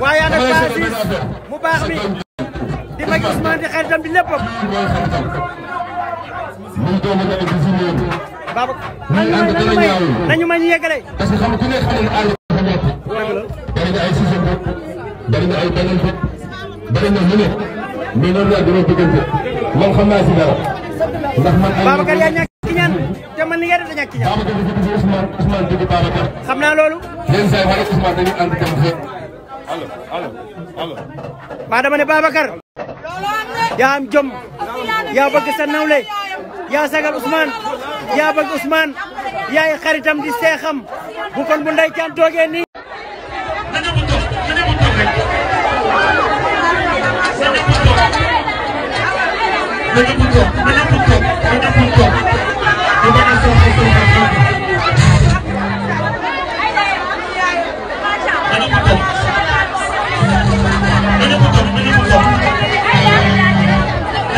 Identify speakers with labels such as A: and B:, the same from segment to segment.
A: waaye ànd ak Ba mu mi di mag Ousmane di xaritam bi léppam. Baba nañu may nañu may ñu yeggale. parce que xam ku ne xam nga àll bi ay système bopp bari na ay beneen bopp bari na lu ne mais noonu laa gën a bëggante man xam naa si dara ndax man. Babacar yaa ñàkk ci te man nga da ci xam maadama ne Babacar yaa am jom ya bëgg sa nawle ya sagal usman ya bëgg ya yaay xaritam di seexam bu kon bu ndey caan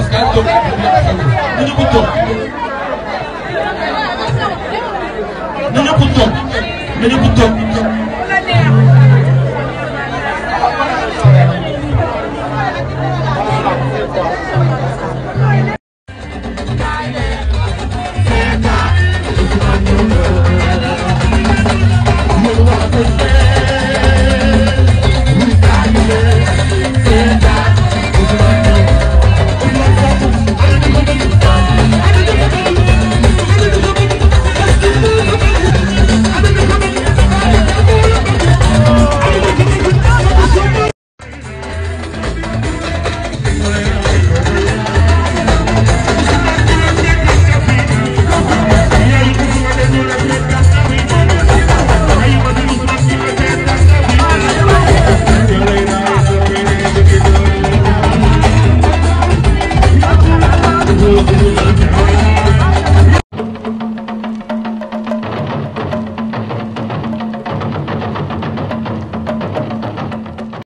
A: Gato, Ninho Puto. Ninho Puto. Ninho Puto. Thank you.